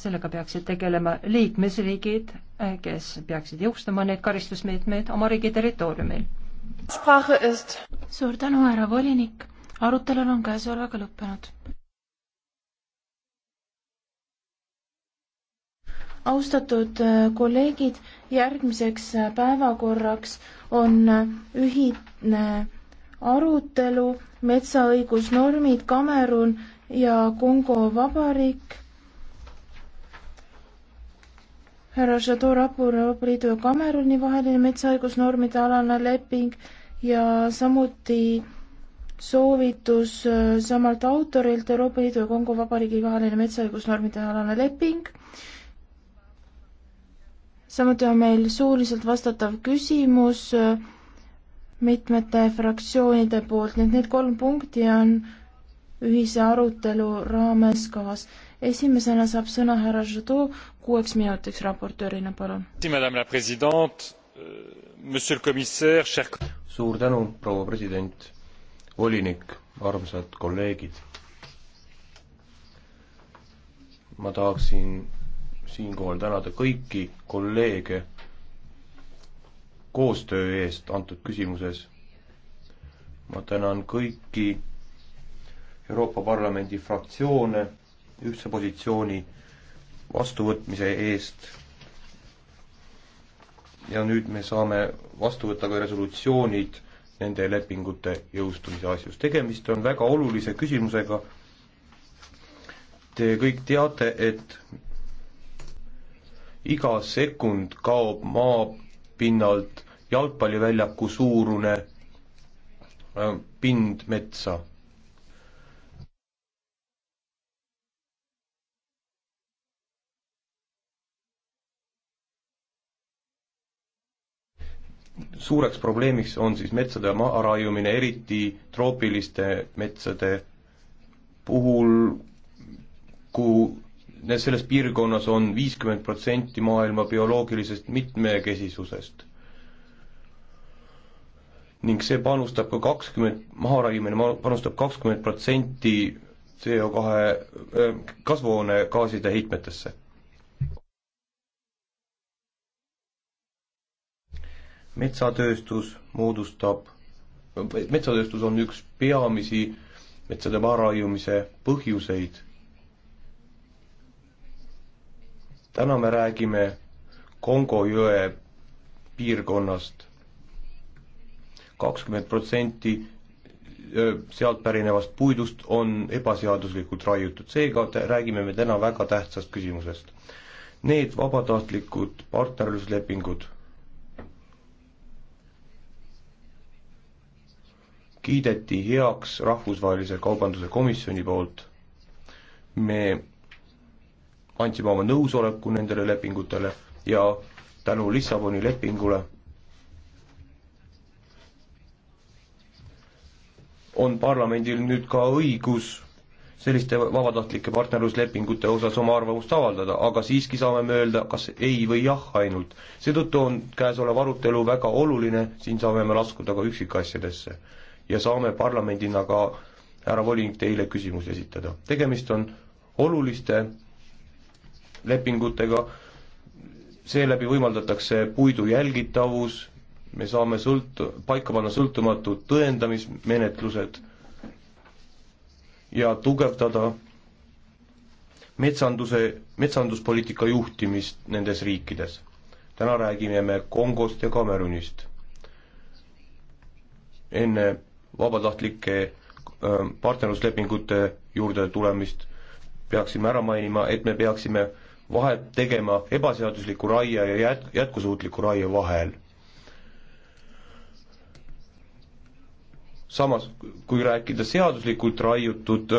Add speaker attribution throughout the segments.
Speaker 1: sellega peaksid tegelema liikmesriigid, eh, kes peaksid jõustama need karistusmeetmed oma riigi territooriumil. suur tänu, härra volinik, arutelul on käesolevaga lõppenud.
Speaker 2: austatud eh, kolleegid, järgmiseks eh, päevakorraks on ühine arutelu metsaõigusnormid Kamerun ja Kongo Vabariik härra Jadot Rapur Euroopa Liidu ja Kameruni vaheline metsaõigusnormide alane leping ja samuti soovitus äh, samalt autorilt Euroopa Liidu ja Kongo Vabariigi vaheline metsaõigusnormide alane leping. samuti on meil suuliselt vastatav küsimus äh, mitmete fraktsioonide poolt, nii et need kolm punkti on ühise arutelu raames kavas. esimesena saab sõna härra Jadot kuueks minutiks raportöörina, palun. Euh,
Speaker 3: suur tänu, proua president, volinik, armsad kolleegid. ma tahaksin siinkohal tänada kõiki kolleege koostöö eest antud küsimuses. ma tänan kõiki Euroopa Parlamendi fraktsioone ühtse positsiooni vastuvõtmise eest. ja nüüd me saame vastu võtta ka resolutsioonid nende lepingute jõustumise asjus. tegemist on väga olulise küsimusega. Te kõik teate, et iga sekund kaob maapinnalt jalgpalliväljaku suurune äh, pind metsa suureks probleemiks on siis metsade maha raiumine, eriti troopiliste metsade puhul, kuhu selles piirkonnas on viiskümmend protsenti maailma bioloogilisest mitmekesisusest. ning see panustab ka kakskümmend, maharaiumine panustab kakskümmend protsenti CO kahe, äh, kasvuhoonegaaside heitmetesse metsatööstus moodustab, metsatööstus on üks peamisi metsade maharaiumise põhjuseid. täna me räägime Kongo jõe piirkonnast kakskümmend protsenti sealt pärinevast puidust on ebaseaduslikult raiutud, seega räägime me täna väga tähtsast küsimusest. Need vabatahtlikud partnerluslepingud kiideti heaks Rahvusvahelise Kaubanduse Komisjoni poolt. me andsime oma nõusoleku nendele lepingutele ja tänu Lissaboni lepingule on parlamendil nüüd ka õigus selliste vabatahtlike partnerluslepingute osas oma arvamust avaldada, aga siiski saame me öelda kas ei või jah ainult. seetõttu on käesolev arutelu väga oluline, siin saame me laskuda ka üksikasjadesse ja saame parlamendina ka, härra volinik, teile küsimusi esitada. tegemist on oluliste lepingutega, seeläbi võimaldatakse puidu jälgitavus, me saame sõlt-, paika panna sõltumatud tõendamismenetlused ja tugevdada metsanduse, metsanduspoliitika juhtimist nendes riikides. täna räägime me Kongost ja Kamerunist. enne vabatahtlike partnerluslepingute juurde tulemist, peaksime ära mainima, et me peaksime vahet tegema ebaseadusliku raie ja jät-, jätkusuutliku raie vahel. samas, kui rääkida seaduslikult raiutud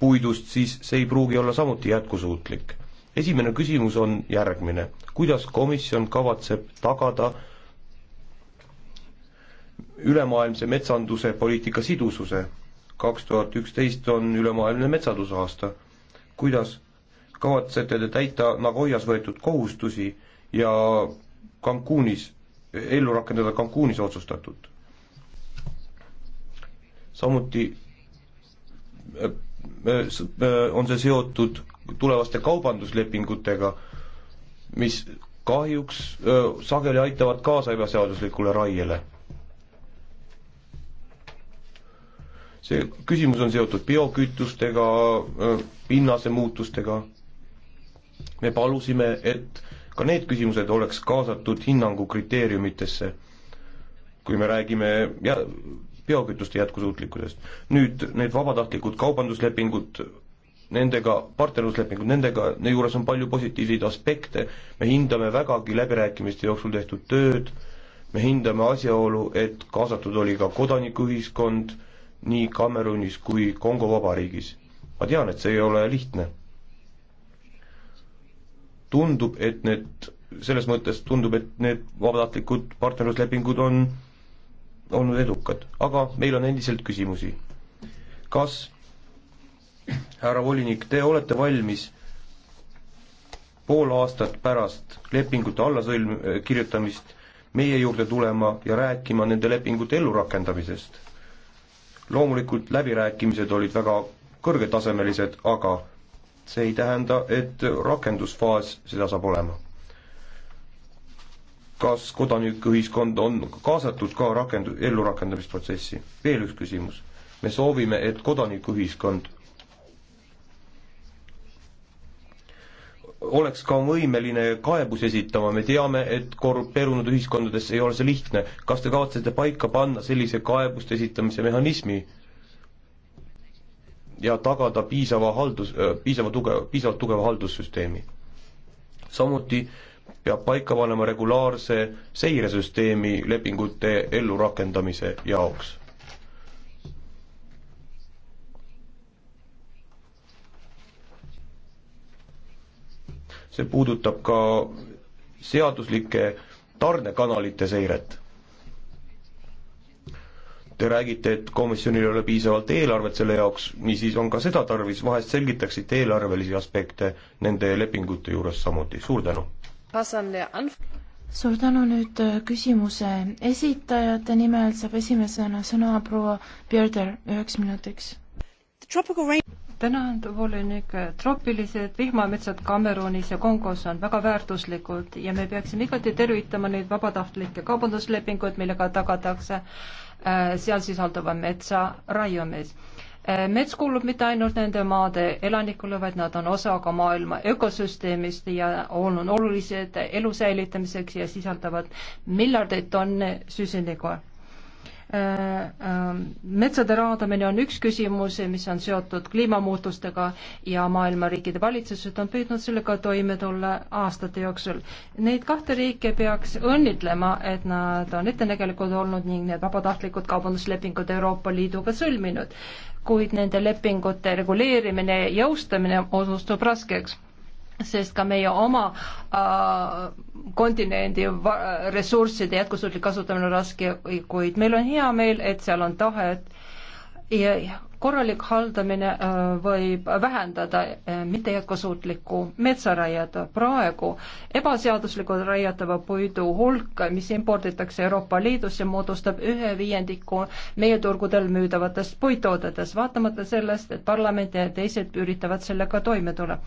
Speaker 3: puidust, siis see ei pruugi olla samuti jätkusuutlik. esimene küsimus on järgmine, kuidas komisjon kavatseb tagada ülemaailmse metsanduse poliitika sidususe. kaks tuhat üksteist on ülemaailmne metsandusaasta. kuidas kavatsete te täita Nagoyas võetud kohustusi ja Cancunis, ellu rakendada Cancunis otsustatut? samuti äh, äh, äh, on see seotud tulevaste kaubanduslepingutega, mis kahjuks sageli aitavad kaasa ebaseaduslikule raiele see küsimus on seotud biokütustega, pinnase muutustega. me palusime, et ka need küsimused oleks kaasatud hinnangu kriteeriumitesse, kui me räägime ja biokütuste jätkusuutlikkusest. nüüd need vabatahtlikud kaubanduslepingud, nendega, partnerluslepingud, nendega, nende juures on palju positiivseid aspekte, me hindame vägagi läbirääkimiste jooksul tehtud tööd, me hindame asjaolu, et kaasatud oli ka kodanikuühiskond, nii Kamerunis kui Kongo Vabariigis. ma tean, et see ei ole lihtne. tundub, et need, selles mõttes tundub, et need vabatahtlikud partnerluslepingud on olnud edukad, aga meil on endiselt küsimusi. kas, härra volinik, te olete valmis pool aastat pärast lepingute allasõlm-, kirjutamist meie juurde tulema ja rääkima nende lepingute ellurakendamisest? loomulikult läbirääkimised olid väga kõrgetasemelised, aga see ei tähenda, et rakendusfaas seda saab olema. kas kodanikuühiskond on kaasatud ka rakend-, ellurakendamisprotsessi? veel üks küsimus. me soovime, et kodanikuühiskond oleks ka võimeline kaebus esitama, me teame, et korrumpeerunud ühiskondades ei ole see lihtne. kas te kavatsete paika panna sellise kaebuste esitamise mehhanismi ja tagada piisava haldus, äh, piisava tugev, piisavalt tugeva haldussüsteemi? samuti peab paika panema regulaarse seiresüsteemi lepingute ellurakendamise jaoks see puudutab ka seaduslike tarnekanalite seiret. Te räägite, et komisjonil ei ole piisavalt eelarvet selle jaoks, niisiis on ka seda tarvis, vahest selgitaksite eelarvelisi aspekte nende lepingute juures samuti, suur tänu!
Speaker 2: suur tänu, nüüd äh, küsimuse esitajate nimel saab esimesena sõna proua Bjerder üheks minutiks
Speaker 1: tänan, volinik, troopilised vihmametsad Kameruunis ja Kongos on väga väärtuslikud ja me peaksime igati tervitama neid vabatahtlikke kaubanduslepinguid, millega tagatakse äh, seal sisalduva metsa raiumis äh, mets kuulub mitte ainult nende maade elanikule, vaid nad on osa ka maailma ökosüsteemist ja on olulised elu säilitamiseks ja sisaldavad miljardeid tonne süsinikku Äh, ähm, metsade raadamine on üks küsimus, mis on seotud kliimamuutustega ja maailma riikide valitsused on püüdnud sellega toime tulla aastate jooksul. Neid kahte riike peaks õnnitlema, et nad on ettenägelikud olnud ning need vabatahtlikud kaubanduslepingud Euroopa Liiduga sõlminud, kuid nende lepingute reguleerimine ja jõustamine osutub raskeks sest ka meie oma äh, kontinendi ressursside jätkusuutlik kasutamine on raske, kuid meil on hea meel, et seal on tahet ja, ja korralik haldamine äh, võib vähendada äh, mittejätkusuutlikku metsaraiet. praegu ebaseaduslikult raiatava puidu hulk, mis imporditakse Euroopa Liidusse, moodustab ühe viiendiku meie turgudel müüdavatest puittoodetest, vaatamata sellest, et parlament ja teised üritavad sellega toime tulla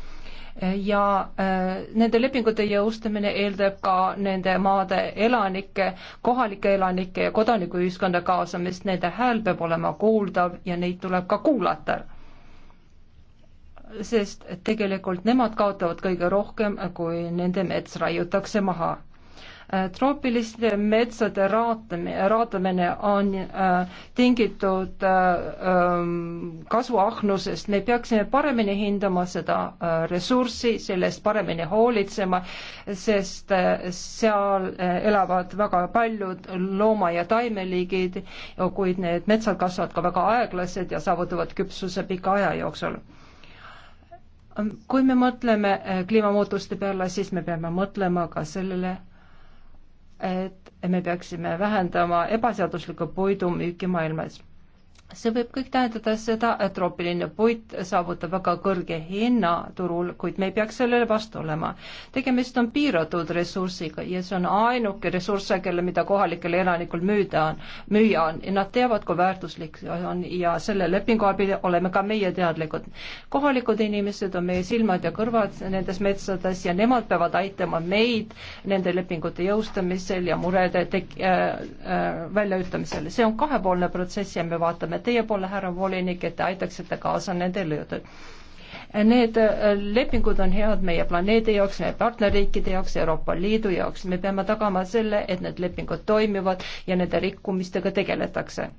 Speaker 1: ja äh, nende lepingute jõustamine eeldab ka nende maade elanike, kohalike elanike ja kodanikuühiskonda kaasamist, nende hääl peab olema kuuldav ja neid tuleb ka kuulata. sest tegelikult nemad kaotavad kõige rohkem, kui nende mets raiutakse maha Äh, troopiliste metsade raatamine, raatamine on äh, tingitud äh, ähm, kasvuahnusest, me peaksime paremini hindama seda ressurssi, sellest paremini hoolitsema, sest seal elavad väga paljud looma- ja taimeliigid, kuid need metsad kasvavad ka väga aeglaselt ja saavutavad küpsuse pika aja jooksul kui me mõtleme kliimamuutuste peale, siis me peame mõtlema ka sellele, et me peaksime vähendama ebaseaduslikku puidumüüki maailmas see võib kõik tähendada seda, et troopiline puit saavutab väga kõrge hinna turul, kuid me ei peaks sellele vastu olema. tegemist on piiratud ressursiga ja see on ainuke ressurss, kelle, mida kohalikele elanikul müüda on, müüa on ja nad teavad, kui väärtuslik see on ja selle lepingu abil oleme ka meie teadlikud. kohalikud inimesed on meie silmad ja kõrvad nendes metsades ja nemad peavad aitama meid nende lepingute jõustamisel ja murede tek- äh,, äh, väljaütlemisel. see on kahepoolne protsess ja me vaatame loodame teie poole, härra volinik, et te aitaksite kaasa nende löödud. Need äh, lepingud on head meie planeedi jaoks, meie partnerriikide jaoks, Euroopa Liidu jaoks. me peame tagama selle, et need lepingud toimivad ja nende rikkumistega tegeletakse.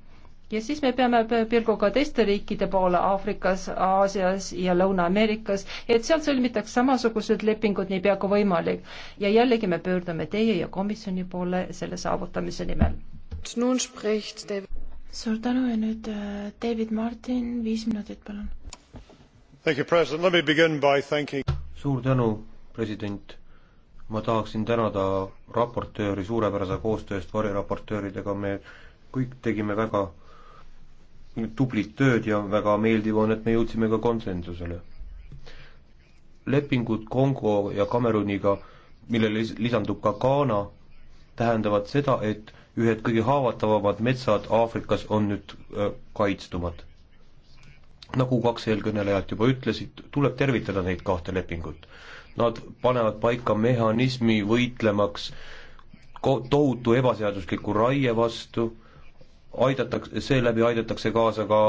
Speaker 1: ja siis me peame pilguga teiste riikide poole Aafrikas, Aasias ja Lõuna-Ameerikas, et seal sõlmitaks samasugused lepingud niipea kui võimalik. ja jällegi me pöördume teie ja komisjoni poole selle saavutamise nimel.
Speaker 2: nüüd räägib David suur tänu ja nüüd äh, David Martin, viis minutit, palun.
Speaker 3: suur tänu, president. ma tahaksin tänada raportööri suurepärase koostöö eest variraportööridega, me kõik tegime väga tublit tööd ja väga meeldiv on, et me jõudsime ka konsensusele. lepingud Kongo ja Kameruniga, millele lisandub ka Ghana, tähendavad seda, et ühed kõige haavatavamad metsad Aafrikas on nüüd äh, kaitstumad. nagu kaks eelkõnelejat juba ütlesid, tuleb tervitada neid kahte lepingut. Nad panevad paika mehhanismi võitlemaks tohutu ebaseadusliku raie vastu, aidatakse, seeläbi aidatakse kaasa ka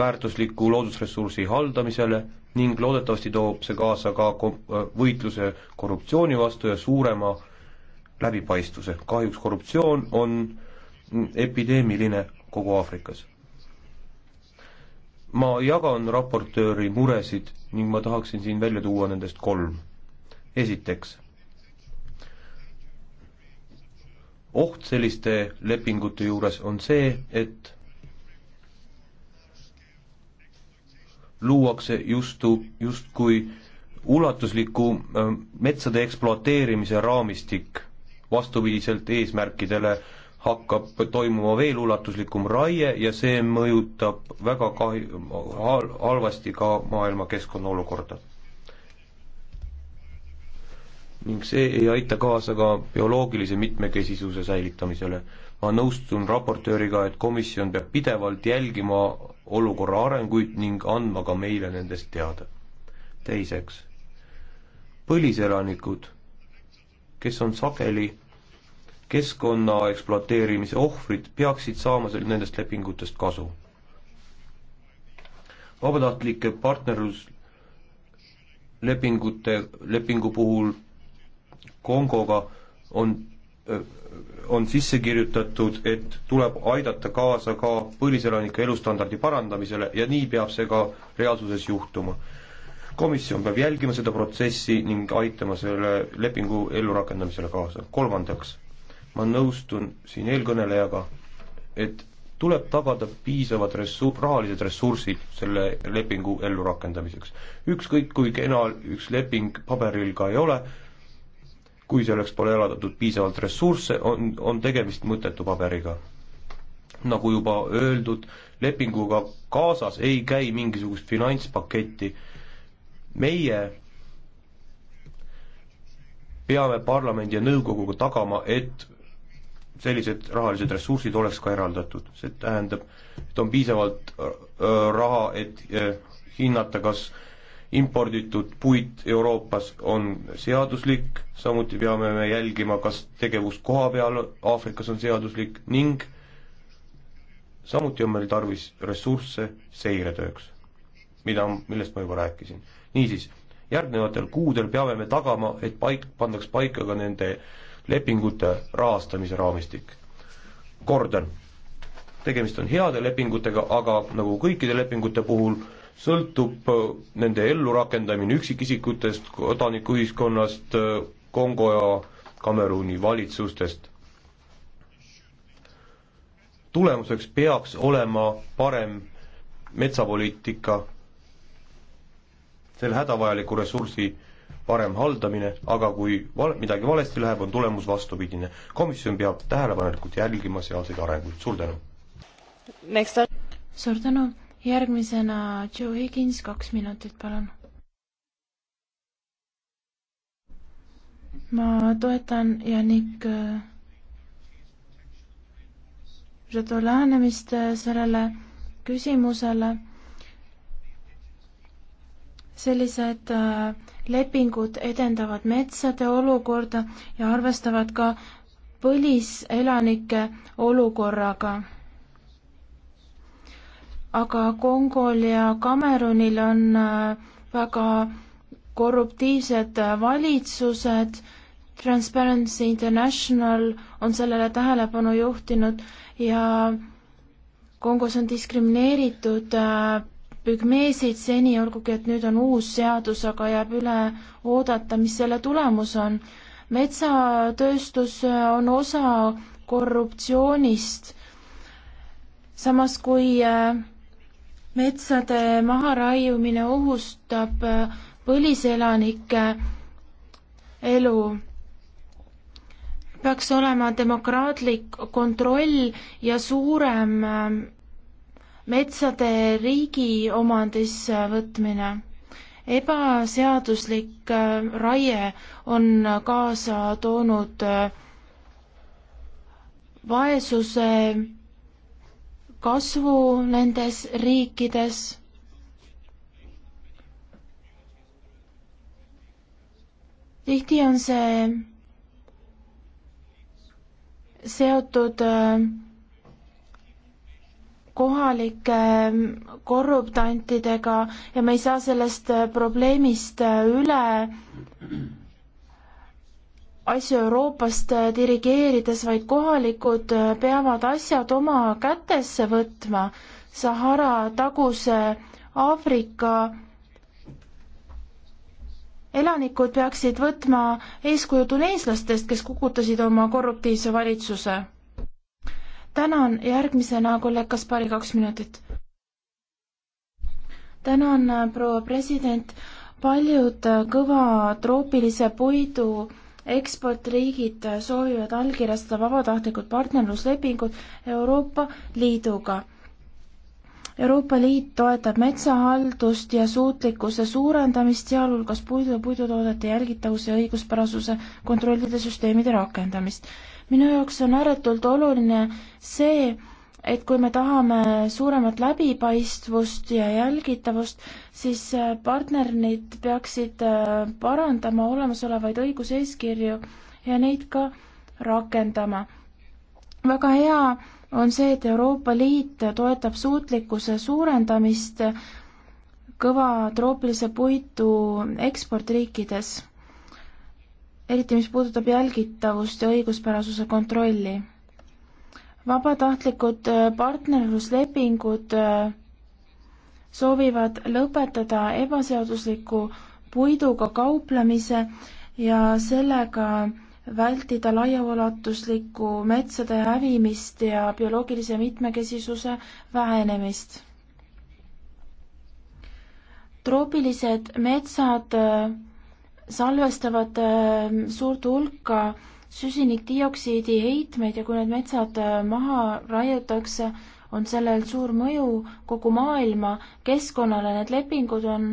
Speaker 3: väärtusliku loodusressursi haldamisele ning loodetavasti toob see kaasa ka kom-, äh, võitluse korruptsiooni vastu ja suurema äh, läbipaistvuse. kahjuks korruptsioon on epideemiline kogu Aafrikas. ma jagan raportööri muresid ning ma tahaksin siin välja tuua nendest kolm. esiteks, oht selliste lepingute juures on see, et luuakse justu, justkui ulatusliku ähm, metsade ekspluateerimise raamistik vastupidiselt eesmärkidele hakkab toimuma veel ulatuslikum raie ja see mõjutab väga kahju, halvasti ka maailma keskkonna olukorda. ning see ei aita kaasa ka bioloogilise mitmekesisuse säilitamisele. ma nõustun raportööriga, et komisjon peab pidevalt jälgima olukorra arenguid ning andma ka meile nendest teada. teiseks, põliselanikud kes on sageli keskkonna ekspluateerimise ohvrid, peaksid saama nendest lepingutest kasu. vabatahtlike partnerluslepingute, lepingu puhul Kongoga on, on sisse kirjutatud, et tuleb aidata kaasa ka põliselanike elustandardi parandamisele ja nii peab see ka reaalsuses juhtuma komisjon peab jälgima seda protsessi ning aitama selle lepingu ellurakendamisele kaasa. kolmandaks, ma nõustun siin eelkõnelejaga, et tuleb tagada piisavad ressu-, rahalised ressursid selle lepingu ellurakendamiseks. ükskõik kui kena üks leping paberil ka ei ole, kui selleks pole eraldatud piisavalt ressursse, on, on tegemist mõttetu paberiga. nagu juba öeldud, lepinguga kaasas ei käi mingisugust finantspaketti, meie peame parlamendi ja nõukoguga tagama, et sellised rahalised ressursid oleks ka eraldatud, see tähendab, et on piisavalt äh, raha, et äh, hinnata, kas imporditud puit Euroopas on seaduslik, samuti peame me jälgima, kas tegevus koha peal Aafrikas on seaduslik ning samuti on meil tarvis ressursse seiretööks mida, millest ma juba rääkisin. niisiis, järgnevatel kuudel peame me tagama, et paik, pandaks paika ka nende lepingute rahastamise raamistik. kordan, tegemist on heade lepingutega, aga nagu kõikide lepingute puhul, sõltub äh, nende ellurakendamine üksikisikutest, kodanikuühiskonnast, äh, Kongo ja Kameruni valitsustest. tulemuseks peaks olema parem metsapoliitika selle hädavajaliku ressursi parem haldamine, aga kui val-, midagi valesti läheb, on tulemus vastupidine. komisjon peab tähelepanelikult jälgima sealseid arenguid, suur tänu!
Speaker 2: suur tänu, järgmisena Joe Higins, kaks minutit, palun! ma toetan Janik Žeto äh, lähenemist äh, sellele küsimusele sellised äh, lepingud edendavad metsade olukorda ja arvestavad ka põliselanike olukorraga. aga Kongol ja Kamerunil on äh, väga korruptiivsed äh, valitsused, Transparency International on sellele tähelepanu juhtinud ja Kongos on diskrimineeritud pügmeesid seni, olgugi et nüüd on uus seadus, aga jääb üle oodata, mis selle tulemus on. metsatööstus on osa korruptsioonist, samas kui äh, metsade maharaiumine ohustab äh, põliselanike äh, elu peaks olema demokraatlik kontroll ja suurem metsade riigiomandis võtmine. ebaseaduslik äh, raie on kaasa toonud äh, vaesuse kasvu nendes riikides tihti on see seotud äh, kohalike ähm, korruptantidega ja me ei saa sellest äh, probleemist äh, üle asju Euroopast äh, dirigeerides, vaid kohalikud peavad asjad oma kätesse võtma. Sahara taguse Aafrika elanikud peaksid võtma eeskuju tuneeslastest, kes kukutasid oma korruptiivse valitsuse tänan, järgmisena kolleeg Kaspari kaks minutit. tänan, äh, proua president, paljud äh, kõva troopilise puidu eksportriigid äh, soovivad allkirjastada vabatahtlikud partnerluslepingud Euroopa Liiduga. Euroopa Liit toetab metsahaldust ja suutlikkuse suurendamist, sealhulgas puidu ja puidutoodete jälgitavuse ja õiguspärasuse kontrollide süsteemide rakendamist minu jaoks on ääretult oluline see, et kui me tahame suuremat läbipaistvust ja jälgitavust, siis äh, partnerid peaksid äh, parandama olemasolevaid õiguseeskirju ja neid ka rakendama. väga hea on see, et Euroopa Liit toetab suutlikkuse suurendamist kõva troopilise puitu eksportriikides eriti mis puudutab jälgitavust ja õiguspärasuse kontrolli. vabatahtlikud äh, partnerluslepingud äh, soovivad lõpetada ebaseadusliku puiduga kauplemise ja sellega vältida laiaulatuslikku metsade hävimist ja bioloogilise mitmekesisuse vähenemist. troopilised metsad äh, salvestavad ähm, suurt hulka süsinikdioksiidi heitmeid ja kui need metsad äh, maha raiutakse, on sellel suur mõju kogu maailma keskkonnale, need lepingud on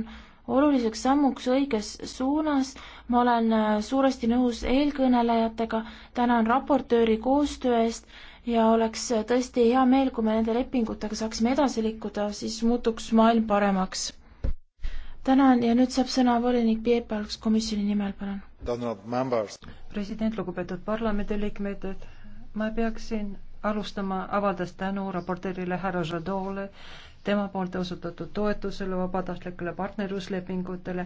Speaker 2: oluliseks sammuks õiges suunas. ma olen äh, suuresti nõus eelkõnelejatega, tänan raportööri koostöö eest ja oleks äh, tõesti hea meel, kui me nende lepingutega saaksime edasi liikuda, siis muutuks maailm paremaks tänan ja nüüd saab sõna volinik
Speaker 1: Piepalks komisjoni nimel,
Speaker 2: palun.
Speaker 1: president, lugupeetud parlamendiliikmed, et ma peaksin alustama avaldas tänu raportöörile härra Žadole tema poolt osutatud toetusele vabatahtlikele partnerluslepingutele,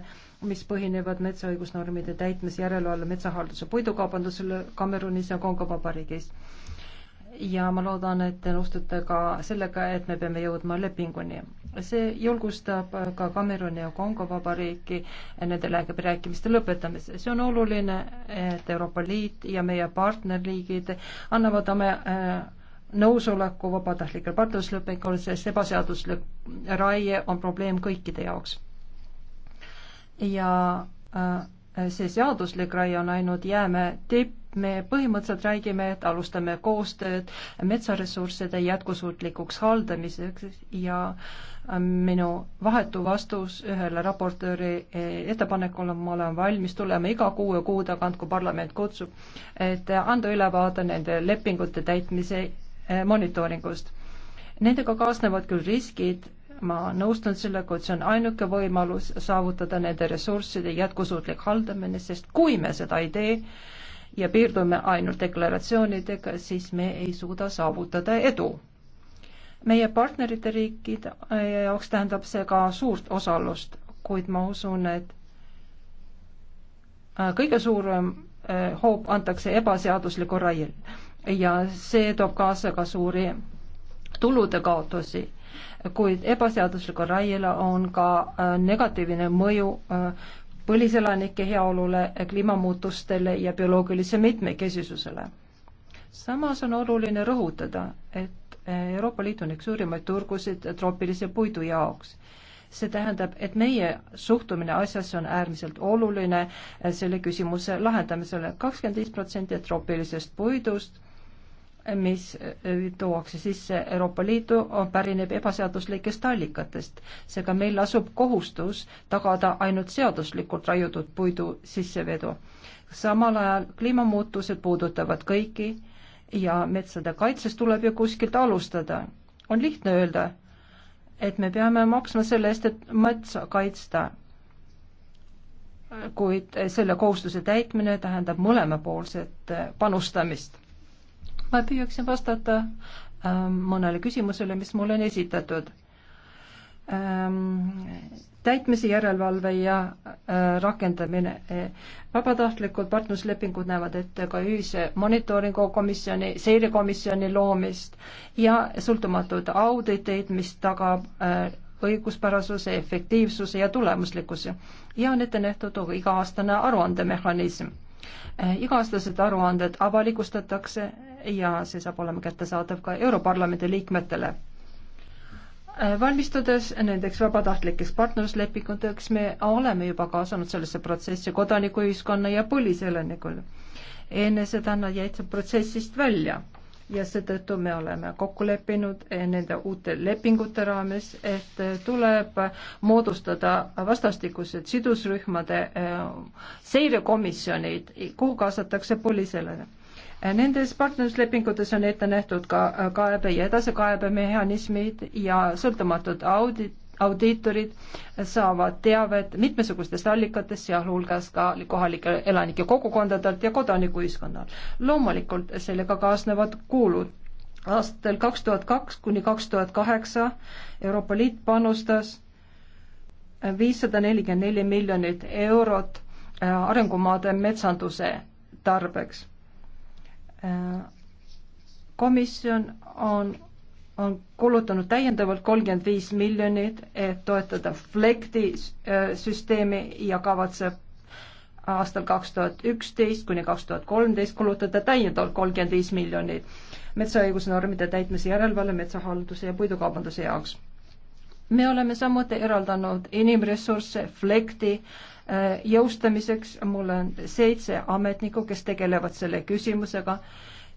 Speaker 1: mis põhinevad metsaõigusnormide täitmise järelevalve metsahalduse puidukaubandusele Kamerunis ja Kongo Vabariigis ja ma loodan, et te nõustute ka sellega, et me peame jõudma lepinguni. see julgustab ka Kameruni ja Kongo Vabariiki nende läbirääkimiste lõpetamises. see on oluline, et Euroopa Liit ja meie partnerliigid annavad oma äh, nõusoleku vabatahtlikele partnerluslepingule, sest ebaseaduslik raie on probleem kõikide jaoks. ja äh, see seaduslik raie on ainult jäämäe tipp, me põhimõtteliselt räägime, et alustame koostööd metsaressursside jätkusuutlikuks haldamiseks ja äh, minu vahetu vastus ühele raportööri äh, ettepanekule, ma olen valmis tulema iga kuu ja kuu tagant, kui parlament kutsub, et anda ülevaade nende lepingute täitmise äh, monitooringust. Nendega kaasnevad küll riskid, ma nõustun sellega, et see on ainuke võimalus saavutada nende ressursside jätkusuutlik haldamine, sest kui me seda ei tee, ja piirdume ainult deklaratsioonidega, siis me ei suuda saavutada edu. meie partnerite riikide äh, jaoks tähendab see ka suurt osalust, kuid ma usun, et äh, kõige suurem äh, hoop antakse ebaseaduslikul raiel ja see toob kaasa ka suuri tulude kaotusi, kuid ebaseaduslikul raiel on ka negatiivne mõju põliselanike heaolule, kliimamuutustele ja bioloogilise mitmekesisusele. samas on oluline rõhutada, et Euroopa Liit on üks suurimaid turgusid troopilise puidu jaoks see tähendab, et meie suhtumine asjasse on äärmiselt oluline selle küsimuse lahendamisele. kakskümmend viis protsenti troopilisest puidust mis äh, tuuakse sisse Euroopa Liitu, pärineb ebaseaduslikest allikatest. seega meil asub kohustus tagada ainult seaduslikult raiutud puidu sissevedu. samal ajal kliimamuutused puudutavad kõiki ja metsade kaitses tuleb ju kuskilt alustada. on lihtne öelda, et me peame maksma selle eest, et metsa kaitsta. kuid selle kohustuse täitmine tähendab mõlemapoolset äh, panustamist ma püüaksin vastata ähm, mõnele küsimusele, mis mulle on esitatud. Ähm, täitmise järelevalve ja äh, rakendamine. Äh, vabatahtlikud partnerluslepingud näevad ette ka ühise monitooringu komisjoni, seirekomisjoni loomist ja sõltumatud auditeid, mis tagab äh, õiguspärasuse, efektiivsuse ja tulemuslikkuse ja on ette nähtud iga-aastane aruandemehhanism iga-aastased aruanded avalikustatakse ja see saab olema kättesaadav ka Europarlamendi liikmetele. valmistudes nendeks vabatahtlikeks partnerluslepinguteks, me oleme juba kaasanud sellesse protsessi kodanikuühiskonna ja põliselanikul. enne seda nad jäid protsessist välja ja seetõttu me oleme kokku leppinud eh, nende uute lepingute raames, et eh, tuleb moodustada vastastikused sidusrühmade eh, seirekomisjonid, kuhu kaasatakse poliiselane. Nendes partnerluslepingutes on ette nähtud ka kaebe ja edasikaebemehhanismid ja sõltumatud audit, audiitorid saavad teavet mitmesugustest allikatest, sealhulgas ka kohalike elanike kogukondadelt ja kodanikuühiskonnalt. loomulikult sellega kaasnevad kulud. aastatel kaks tuhat kaks kuni kaks tuhat kaheksa Euroopa Liit panustas viissada nelikümmend neli miljonit eurot äh, arengumaade metsanduse tarbeks komisjon on, on kulutanud täiendavalt kolmkümmend viis miljonit, et toetada Flekti äh, süsteemi ja kavatseb aastal kaks tuhat üksteist kuni kaks tuhat kolmteist kulutada täiendavalt kolmkümmend viis miljonit metsaõigusnormide täitmise järelevalve metsahalduse ja puidukaubanduse jaoks. me oleme samuti eraldanud inimressursse Flekti äh, Äh, jõustamiseks. mul on seitse ametnikku, kes tegelevad selle küsimusega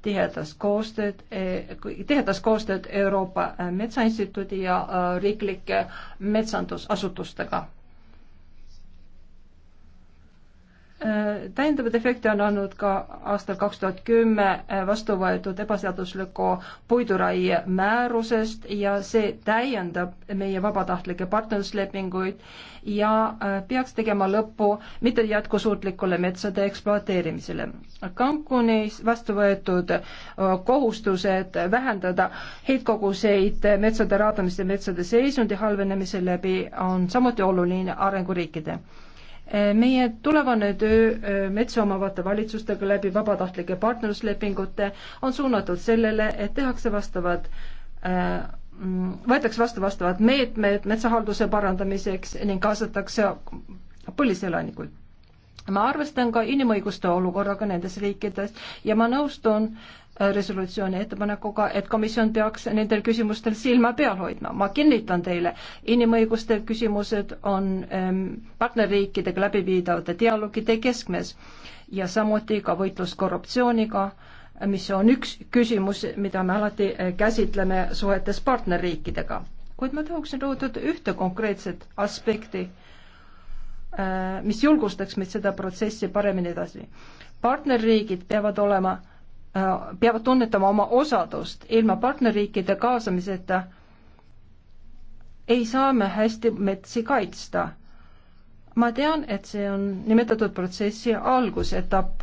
Speaker 1: tihedas koostööd, e, tihedas koostööd Euroopa äh, Metsainstituudi ja äh, riiklike metsandusasutustega täiendavaid efekte on olnud ka aastal kaks tuhat kümme vastu võetud ebaseadusliku puiduraie määrusest ja see täiendab meie vabatahtlikke partnerluslepinguid ja äh, peaks tegema lõpu mitte jätkusuutlikule metsade ekspluateerimisele. Cancunis vastu võetud äh, kohustused vähendada heitkoguseid metsade raadamise, metsade seisundi halvenemise läbi on samuti oluline arenguriikide Eh, meie tulevane töö eh, metsa omavate valitsustega läbi vabatahtlike partnerluslepingute on suunatud sellele, et tehakse vastavad eh, mm, võetakse vastu vastavad meetmed metsahalduse parandamiseks ning kaasatakse põliselanikud ma arvestan ka inimõiguste olukorraga nendes riikides ja ma nõustun äh, resolutsiooni ettepanekuga, et komisjon peaks nendel küsimustel silma peal hoidma. ma kinnitan teile, inimõiguste küsimused on ähm, partnerriikidega läbiviidavate dialoogide keskmes ja samuti ka võitlus korruptsiooniga, mis on üks küsimus, mida me alati äh, käsitleme suhetes partnerriikidega. kuid ma tahaksin rõhutada ühte konkreetset aspekti Äh, mis julgustaks meid seda protsessi paremini edasi. partnerriigid peavad olema, äh, peavad tunnetama oma osadust, ilma partnerriikide kaasamiseta ei saa me hästi metsi kaitsta. ma tean, et see on nimetatud protsessi algusetapp,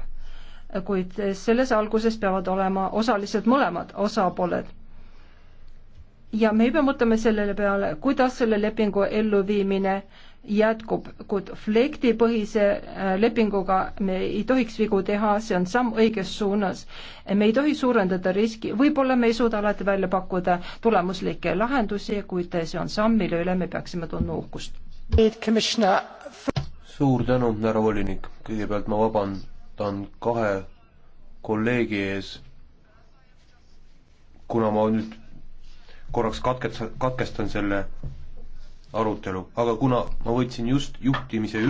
Speaker 1: kuid selles alguses peavad olema osalised mõlemad osapooled ja me peame mõtlema sellele peale, kuidas selle lepingu elluviimine jätkub, kuid flektipõhise äh, lepinguga me ei tohiks vigu teha, see on samm õiges suunas. me ei tohi suurendada riski, võib-olla me ei suuda alati välja pakkuda tulemuslikke lahendusi, kuid see on samm, mille üle me peaksime tundma uhkust.
Speaker 3: suur tänu, härra volinik, kõigepealt ma vabandan kahe kolleegi ees, kuna ma nüüd korraks katkestan, katkestan selle arutelu, aga kuna ma võtsin just juhtimise